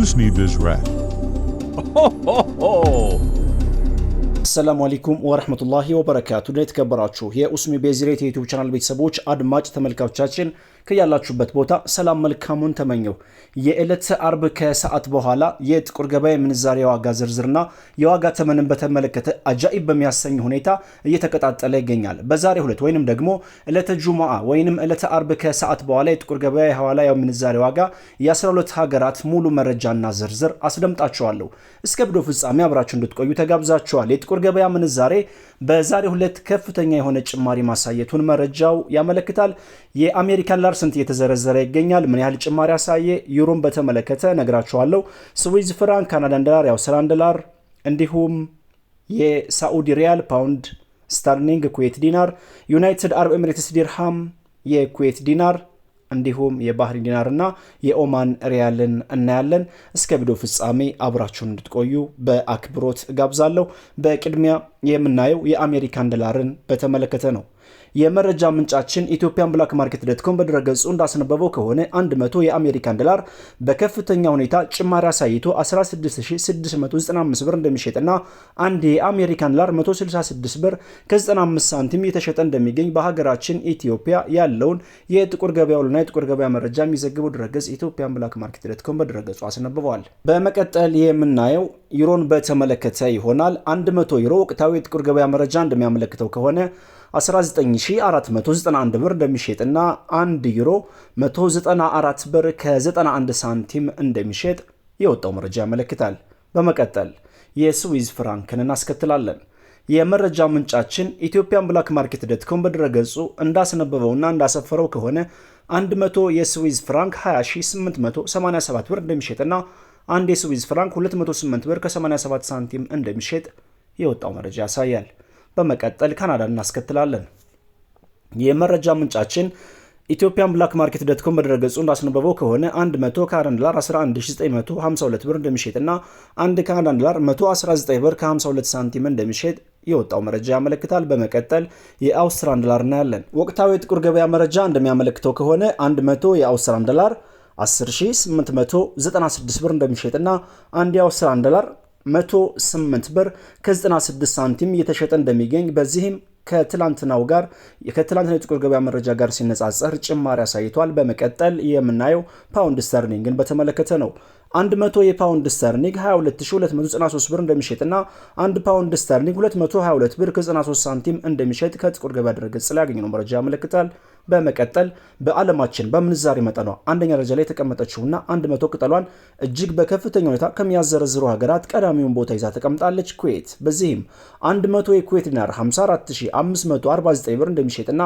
Use me this rat. ሰላሙ አለይኩም ወረህመቱላሂ ወበረካቱ። የተከበራችሁ የኡስሚ ቤዝሬት የዩቲዩብ ቻናል ቤተሰቦች አድማጭ ተመልካቾቻችን ከያላችሁበት ቦታ ሰላም መልካሙን ተመኘው። የዕለት አርብ ከሰዓት በኋላ የጥቁር ገበያ የምንዛሬ የዋጋ ዝርዝርና የዋጋ ተመንን በተመለከተ አጃኢብ በሚያሰኝ ሁኔታ እየተቀጣጠለ ይገኛል። በዛሬ ሁለት ወይንም ደግሞ ዕለተ ጁሙዓ ወይንም ዕለተ አርብ ከሰዓት በኋላ የጥቁር ገበያ የሐዋላ የምንዛሬ ዋጋ የ12 ሀገራት ሙሉ መረጃና ዝርዝር አስደምጣችኋለሁ። እስከ ብዶ ፍጻሜ አብራችሁ እንድትቆዩ ተጋብዛችኋል። የጥቁር ገበያ ምንዛሬ በዛሬ ሁለት ከፍተኛ የሆነ ጭማሪ ማሳየቱን መረጃው ያመለክታል። የአሜሪካን ዶላር ስንት እየተዘረዘረ ይገኛል? ምን ያህል ጭማሪ ያሳየ? ዩሮን በተመለከተ ነግራችኋለሁ። ስዊዝ ፍራንክ፣ ካናዳን ዶላር፣ የአውስትራሊያን ዶላር እንዲሁም የሳዑዲ ሪያል፣ ፓውንድ ስተርሊንግ፣ ኩዌት ዲናር፣ ዩናይትድ አረብ ኤምሬትስ ዲርሃም፣ የኩዌት ዲናር እንዲሁም የባህሪን ዲናር እና የኦማን ሪያልን እናያለን። እስከ ቪዲዮ ፍጻሜ አብራችሁን እንድትቆዩ በአክብሮት ጋብዛለሁ በቅድሚያ የምናየው የአሜሪካን ዶላርን በተመለከተ ነው። የመረጃ ምንጫችን ኢትዮጵያን ብላክ ማርኬት ዶትኮም በድረገጹ እንዳስነበበው ከሆነ 100 የአሜሪካን ዶላር በከፍተኛ ሁኔታ ጭማሪ አሳይቶ 16695 ብር እንደሚሸጥና አንድ የአሜሪካን ዶላር 166 ብር ከ95 ሳንቲም የተሸጠ እንደሚገኝ በሀገራችን ኢትዮጵያ ያለውን የጥቁር ገበያ ውልና የጥቁር ገበያ መረጃ የሚዘግበው ድረገጽ ኢትዮጵያን ብላክ ማርኬት ዶትኮም በድረገጹ አስነብበዋል። በመቀጠል የምናየው ዩሮን በተመለከተ ይሆናል። 100 ዩሮ ወቅታዊ የጥቁር ገበያ መረጃ እንደሚያመለክተው ከሆነ 19491 ብር እንደሚሸጥና 1 ዩሮ 194 ብር ከ91 ሳንቲም እንደሚሸጥ የወጣው መረጃ ያመለክታል። በመቀጠል የስዊዝ ፍራንክን እናስከትላለን። የመረጃ ምንጫችን ኢትዮጵያን ብላክ ማርኬት ኮም በድረገጹ እንዳስነበበውና እንዳሰፈረው ከሆነ 100 የስዊዝ ፍራንክ 20887 ብር እንደሚሸጥና አንድ የስዊዝ ፍራንክ 208 ብር ከ87 ሳንቲም እንደሚሸጥ የወጣው መረጃ ያሳያል። በመቀጠል ካናዳን እናስከትላለን። የመረጃ ምንጫችን ኢትዮጵያን ብላክ ማርኬት ዶትኮም በድረገጹ እንዳስነበበው ከሆነ 100 ካናዳን ዶላር 11952 ብር እንደሚሸጥና አንድ ካናዳን ዶላር 119 ብር ከ52 ሳንቲም እንደሚሸጥ የወጣው መረጃ ያመለክታል። በመቀጠል የአውስትራን ዶላር እናያለን። ወቅታዊ የጥቁር ገበያ መረጃ እንደሚያመለክተው ከሆነ 100 የአውስትራን ዶላር 10896 ብር እንደሚሸጥና አንድ የአውስትራን ዶላር 108 ብር ከ96 ሳንቲም እየተሸጠ እንደሚገኝ በዚህም ከትላንትናው ጋር ከትላንትና የጥቁር ገበያ መረጃ ጋር ሲነጻጸር ጭማሪ አሳይቷል። በመቀጠል የምናየው ፓውንድ ስተርሊንግን በተመለከተ ነው። 100 የፓውንድ ስተርሊንግ 22293 ብር እንደሚሸጥና 1 ፓውንድ ስተርሊንግ 222 ብር ከ93 ሳንቲም እንደሚሸጥ ከጥቁር ገበያ ድረገጽ ላይ ያገኘነው መረጃ ያመለክታል። በመቀጠል በዓለማችን በምንዛሬ መጠኗ አንደኛ ደረጃ ላይ የተቀመጠችውና አንድ መቶ ቅጠሏን እጅግ በከፍተኛ ሁኔታ ከሚያዘረዝሩ ሀገራት ቀዳሚውን ቦታ ይዛ ተቀምጣለች ኩዌት። በዚህም 100 የኩዌት ዲናር 54549 ብር እንደሚሸጥና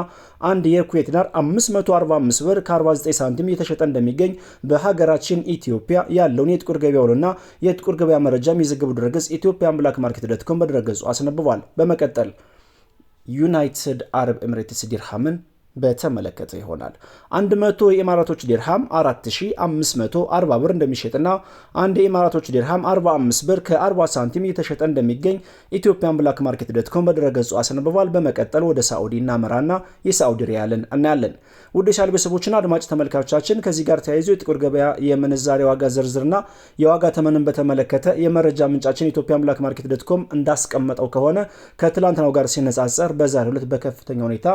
አንድ የኩዌት ዲናር 545 ብር ከ49 ሳንቲም እየተሸጠ እንደሚገኝ በሀገራችን ኢትዮጵያ ያለውን የጥቁር ገበያ ውሎና የጥቁር ገበያ መረጃ የሚዘግቡ ድረገጽ ኢትዮጵያን ብላክ ማርኬት ዶት በድረገጹ አስነብቧል። በመቀጠል ዩናይትድ አረብ ኤምሬትስ ዲርሃምን በተመለከተ ይሆናል። 100 የኢማራቶች ዲርሃም 4540 ብር እንደሚሸጥና አንድ የኢማራቶች ዲርሃም 45 ብር ከ40 ሳንቲም እየተሸጠ እንደሚገኝ ኢትዮጵያን ብላክ ማርኬት ዶት ኮም በድረገጹ አስነብቧል። በመቀጠል ወደ ሳዑዲ እናመራና የሳዑዲ ሪያልን እናያለን። ውድ ሻል ቤተሰቦችና አድማጭ ተመልካቾቻችን ከዚህ ጋር ተያይዞ የጥቁር ገበያ የምንዛሬ ዋጋ ዝርዝርና የዋጋ ተመንን በተመለከተ የመረጃ ምንጫችን ኢትዮጵያን ብላክ ማርኬት ዶት ኮም እንዳስቀመጠው ከሆነ ከትላንትናው ጋር ሲነጻጸር በዛሬው ዕለት በከፍተኛ ሁኔታ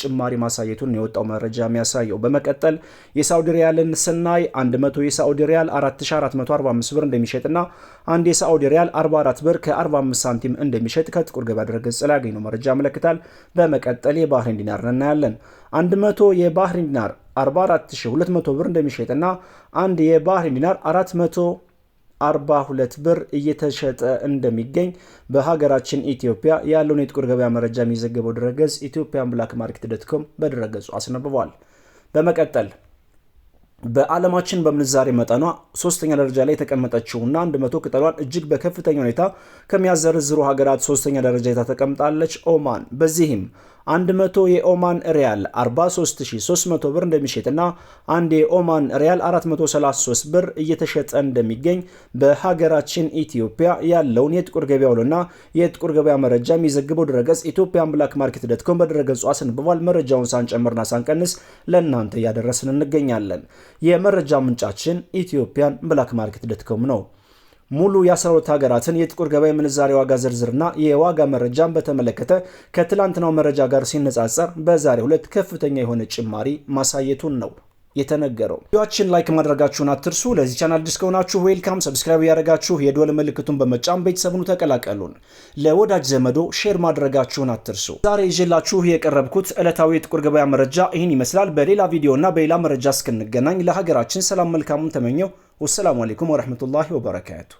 ጭማሪ ማሳየቱን የወጣው መረጃ የሚያሳየው። በመቀጠል የሳውዲ ሪያልን ስናይ 100 የሳዑዲ ሪያል 4445 ብር እንደሚሸጥና አንድ የሳዑዲ ሪያል 44 ብር ከ45 ሳንቲም እንደሚሸጥ ከጥቁር ገበያ ድረገጽ ላይ ያገኘነው መረጃ ያመለክታል። በመቀጠል የባህሬን ዲናር እናያለን። 100 የባህሬን ዲናር 44200 ብር እንደሚሸጥና አንድ የባህሬን ዲናር 400 42 ብር እየተሸጠ እንደሚገኝ በሀገራችን ኢትዮጵያ ያለውን የጥቁር ገበያ መረጃ የሚዘገበው ድረገጽ ኢትዮጵያን ብላክ ማርኬት ዶት በድረገጹ አስነብቧል። በመቀጠል በዓለማችን በምንዛሬ መጠኗ ሶስተኛ ደረጃ ላይ የተቀመጠችውና አንድ መቶ ቅጠሏን እጅግ በከፍተኛ ሁኔታ ከሚያዘረዝሩ ሀገራት ሶስተኛ ደረጃ ይታ ተቀምጣለች ኦማን። በዚህም 100 የኦማን ሪያል 43300 ብር እንደሚሸጥና አንድ የኦማን ሪያል 433 ብር እየተሸጠ እንደሚገኝ በሀገራችን ኢትዮጵያ ያለውን የጥቁር ገበያ ውሎና የጥቁር ገበያ መረጃ የሚዘግበው ድረገጽ ኢትዮጵያን ብላክ ማርኬት ዶት ኮም በድረገጹ አስነብቧል። መረጃውን ሳንጨምርና ሳንቀንስ ለእናንተ እያደረስን እንገኛለን። የመረጃ ምንጫችን ኢትዮጵያን ብላክ ማርኬት ዶትኮም ነው። ሙሉ የ12 ሀገራትን የጥቁር ገበያ ምንዛሬ ዋጋ ዝርዝርና የዋጋ መረጃን በተመለከተ ከትላንትናው መረጃ ጋር ሲነጻጸር በዛሬ ሁለት ከፍተኛ የሆነ ጭማሪ ማሳየቱን ነው የተነገረው። ቪዲዮችን ላይክ ማድረጋችሁን አትርሱ። ለዚህ ቻናል አዲስ ከሆናችሁ ዌልካም፣ ሰብስክራይብ ያደረጋችሁ የዶል ምልክቱን በመጫን ቤተሰብኑ ተቀላቀሉን። ለወዳጅ ዘመዶ ሼር ማድረጋችሁን አትርሱ። ዛሬ ይዤላችሁ የቀረብኩት ዕለታዊ የጥቁር ገበያ መረጃ ይህን ይመስላል። በሌላ ቪዲዮና በሌላ መረጃ እስክንገናኝ ለሀገራችን ሰላም መልካሙን ተመኘው። ወሰላሙ አሌይኩም ወረህመቱላሂ ወበረካቱ።